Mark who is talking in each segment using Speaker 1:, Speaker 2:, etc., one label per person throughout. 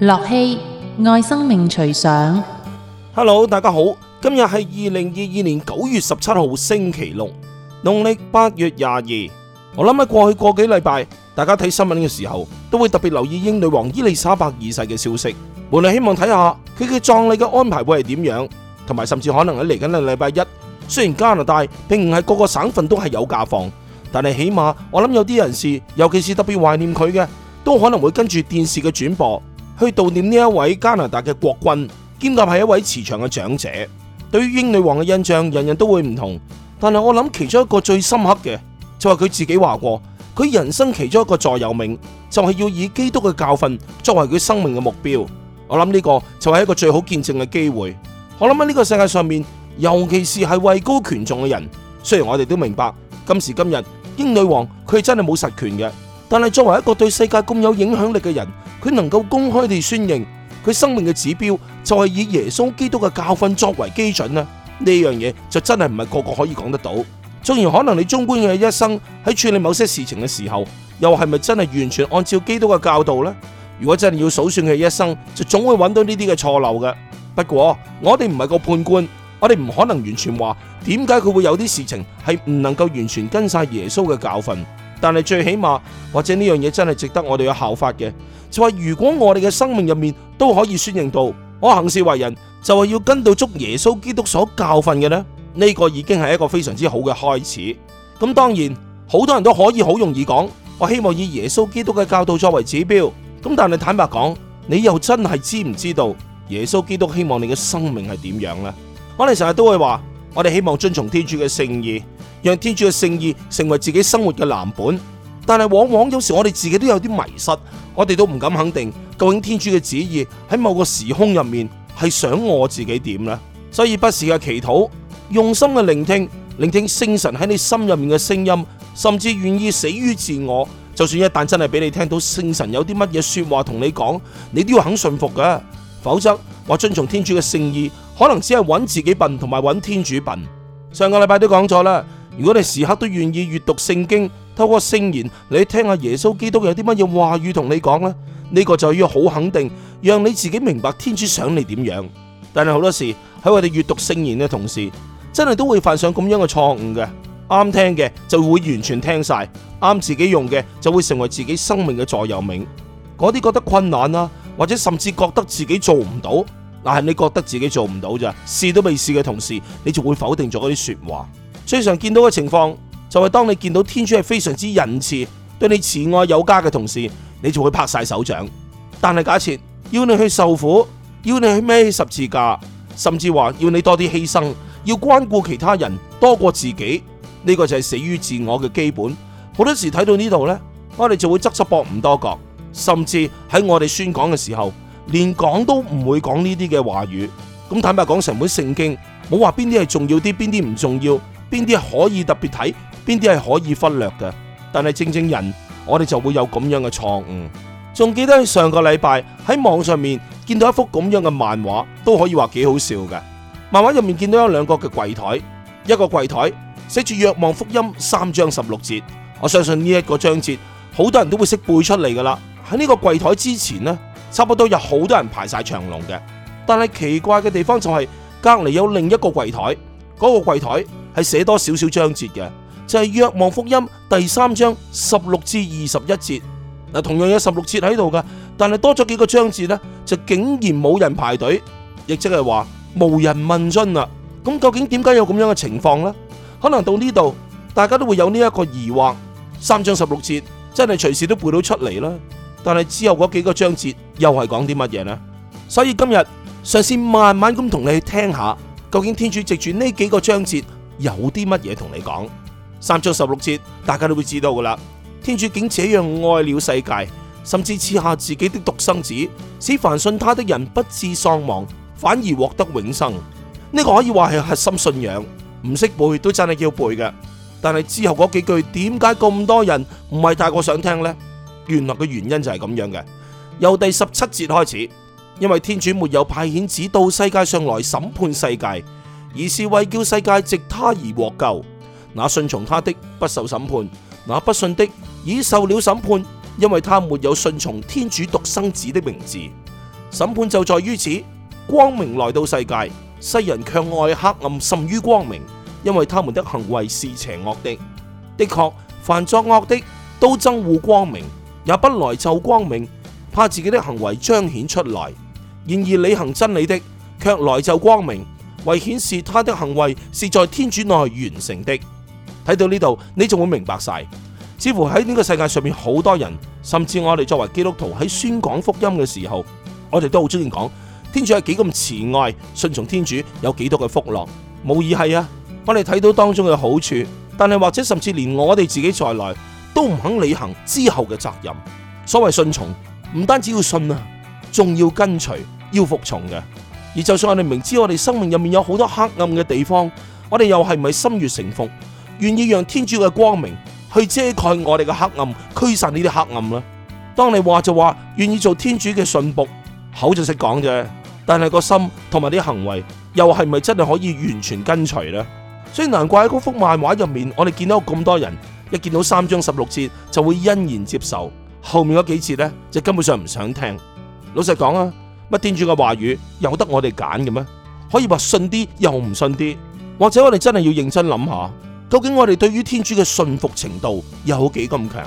Speaker 1: 樂希愛生命隨想。Hello，大家好，今日係二零二二年九月十七號星期六，農曆八月廿二。我諗喺過去過幾禮拜，大家睇新聞嘅時候，都會特別留意英女王伊麗莎白二世嘅消息。我哋希望睇下佢嘅葬禮嘅安排會係點樣，同埋甚至可能喺嚟緊嘅禮拜一。雖然加拿大並唔係個個省份都係有假放，但係起碼我諗有啲人士，尤其是特別懷念佢嘅，都可能會跟住電視嘅轉播。去悼念呢一位加拿大嘅國君，兼及係一位慈祥嘅長者。對於英女王嘅印象，人人都會唔同。但係我諗其中一個最深刻嘅，就係佢自己話過，佢人生其中一個座右銘，就係要以基督嘅教訓作為佢生命嘅目標。我諗呢個就係一個最好見證嘅機會。我諗喺呢個世界上面，尤其是係位高權重嘅人，雖然我哋都明白今時今日英女王佢真係冇實權嘅。但係作為一個對世界咁有影響力嘅人，佢能夠公開地宣認佢生命嘅指標就係以耶穌基督嘅教訓作為基準呢。呢樣嘢就真係唔係個個可以講得到。縱然可能你中官嘅一生喺處理某些事情嘅時候，又係咪真係完全按照基督嘅教導呢？如果真係要數算佢一生，就總會揾到呢啲嘅錯漏嘅。不過我哋唔係個判官，我哋唔可能完全話點解佢會有啲事情係唔能夠完全跟晒耶穌嘅教訓。但係最起碼，或者呢樣嘢真係值得我哋去效法嘅，就話、是、如果我哋嘅生命入面都可以宣認到，我行事為人就係、是、要跟到足耶穌基督所教訓嘅呢，呢、這個已經係一個非常之好嘅開始。咁當然好多人都可以好容易講，我希望以耶穌基督嘅教導作為指標。咁但係坦白講，你又真係知唔知道耶穌基督希望你嘅生命係點樣呢？我哋成日都會話。我哋希望遵從天主嘅聖意，讓天主嘅聖意成為自己生活嘅藍本。但係往往有時我哋自己都有啲迷失，我哋都唔敢肯定究竟天主嘅旨意喺某個時空入面係想我自己點咧。所以不時嘅祈禱，用心嘅聆聽，聆聽聖神喺你心入面嘅聲音，甚至願意死於自我。就算一旦真係俾你聽到聖神有啲乜嘢說話同你講，你都要肯信服嘅，否則話遵從天主嘅聖意。可能只係揾自己笨，同埋揾天主笨。上個禮拜都講咗啦，如果你時刻都願意閱讀聖經，透過聖言你聽下耶穌基督有啲乜嘢話語同你講啦，呢個就要好肯定，讓你自己明白天主想你點樣。但係好多時喺我哋閱讀聖言嘅同時，真係都會犯上咁樣嘅錯誤嘅。啱聽嘅就會完全聽晒，啱自己用嘅就會成為自己生命嘅座右銘。嗰啲覺得困難啊，或者甚至覺得自己做唔到。嗱，係、啊、你覺得自己做唔到咋，試都未試嘅同時，你就會否定咗嗰啲説話。最常見到嘅情況就係、是、當你見到天主係非常之仁慈，對你慈愛有加嘅同時，你就會拍晒手掌。但係假設要你去受苦，要你去孭十字架，甚至話要你多啲犧牲，要關顧其他人多過自己，呢、這個就係死於自我嘅基本。好多時睇到呢度呢，我哋就會側側膊唔多講，甚至喺我哋宣講嘅時候。連講都唔會講呢啲嘅話語，咁坦白講，成本聖經冇話邊啲係重要啲，邊啲唔重要，邊啲係可以特別睇，邊啲係可以忽略嘅。但係正正人，我哋就會有咁樣嘅錯誤。仲記得上個禮拜喺網上面見到一幅咁樣嘅漫畫，都可以話幾好笑嘅。漫畫入面見到有兩個嘅櫃檯，一個櫃檯寫住《若望福音》三章十六節，我相信呢一個章節好多人都會識背出嚟噶啦。喺呢個櫃檯之前呢。差不多有好多人排晒長龍嘅，但係奇怪嘅地方就係隔籬有另一個櫃台嗰個櫃台係寫多少少章節嘅，就係約望福音第三章十六至二十一節。嗱，同樣有十六節喺度㗎，但係多咗幾個章節呢，就竟然冇人排隊，亦即係話無人問津啦。咁究竟點解有咁樣嘅情況呢？可能到呢度，大家都會有呢一個疑惑，三章十六節真係隨時都背到出嚟啦。但係之後嗰幾個章節又係講啲乜嘢呢？所以今日嘗試慢慢咁同你去聽下，究竟天主藉住呢幾個章節有啲乜嘢同你講？三章十六節，大家都會知道噶啦。天主竟這樣愛了世界，甚至賜下自己的獨生子，使凡信他的人不致喪亡，反而獲得永生。呢個可以話係核心信仰，唔識背都真係要背嘅。但係之後嗰幾句，點解咁多人唔係太過想聽呢？原來嘅原因就係咁樣嘅，由第十七節開始，因為天主沒有派遣子到世界上來審判世界，而是為叫世界藉他而獲救。那信從他的不受審判，那不信的已受了審判，因為他沒有信從天主獨生子的名字。審判就在於此，光明來到世界，世人卻愛黑暗甚於光明，因為他們的行為是邪惡的。的確，凡作惡的都憎惡光明。也不來就光明，怕自己的行為彰顯出來。然而，履行真理的，卻來就光明，為顯示他的行為是在天主內完成的。睇到呢度，你就會明白晒。似乎喺呢個世界上面，好多人，甚至我哋作為基督徒喺宣講福音嘅時候，我哋都好中意講天主係幾咁慈愛，順從天主有幾多嘅福樂，冇疑係啊！我哋睇到當中嘅好處，但係或者甚至連我哋自己在內。都唔肯履行之後嘅責任。所謂信從，唔單止要信啊，仲要跟隨、要服從嘅。而就算我哋明知我哋生命入面有好多黑暗嘅地方，我哋又係咪心悅誠服，願意讓天主嘅光明去遮蓋我哋嘅黑暗，驅散呢啲黑暗呢？當你話就話願意做天主嘅信僕，口就識講啫，但係個心同埋啲行為又係咪真係可以完全跟隨呢？所以難怪喺嗰幅漫畫入面，我哋見到咁多人。一見到三章十六節就會欣然接受，後面嗰幾節呢，就根本上唔想聽。老實講啊，乜天主嘅話語有得我哋揀嘅咩？可以話信啲又唔信啲，或者我哋真係要認真諗下，究竟我哋對於天主嘅信服程度有幾咁強？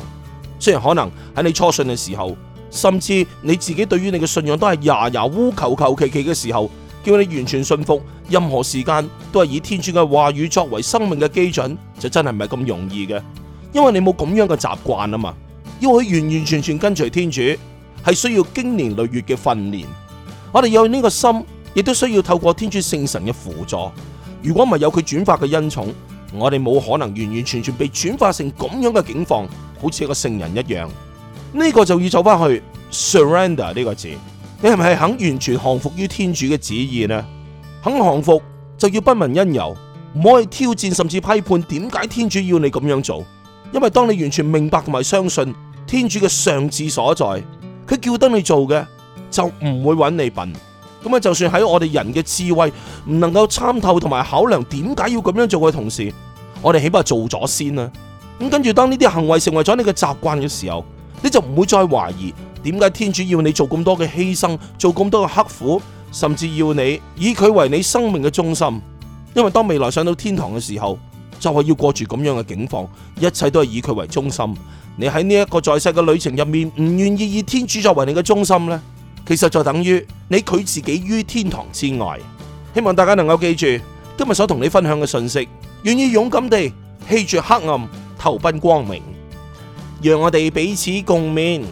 Speaker 1: 雖然可能喺你初信嘅時候，甚至你自己對於你嘅信仰都係牙牙烏求求其其嘅時候，叫你完全信服，任何時間都係以天主嘅話語作為生命嘅基準，就真係唔係咁容易嘅。因為你冇咁樣嘅習慣啊嘛，要佢完完全全跟隨天主係需要經年累月嘅訓練。我哋有呢個心，亦都需要透過天主聖神嘅輔助。如果唔係有佢轉化嘅恩寵，我哋冇可能完完全全被轉化成咁樣嘅境況，好似一個聖人一樣。呢個就要走翻去 surrender 呢個字，你係咪肯完全降服於天主嘅旨意呢？肯降服就要不問因由，唔可以挑戰甚至批判點解天主要你咁樣做。因為當你完全明白同埋相信天主嘅上智所在，佢叫得你做嘅就唔會揾你笨。咁啊，就,就算喺我哋人嘅智慧唔能夠參透同埋考量點解要咁樣做嘅同時，我哋起碼做咗先啦、啊。咁跟住，當呢啲行為成為咗你嘅習慣嘅時候，你就唔會再懷疑點解天主要你做咁多嘅犧牲，做咁多嘅刻苦，甚至要你以佢為你生命嘅中心。因為當未來上到天堂嘅時候，就係要過住咁樣嘅境況，一切都係以佢為中心。你喺呢一個在世嘅旅程入面，唔願意以天主作為你嘅中心呢，其實就等於你拒自己於天堂之外。希望大家能夠記住今日所同你分享嘅信息，願意勇敢地棄絕黑暗，投奔光明，讓我哋彼此共勉。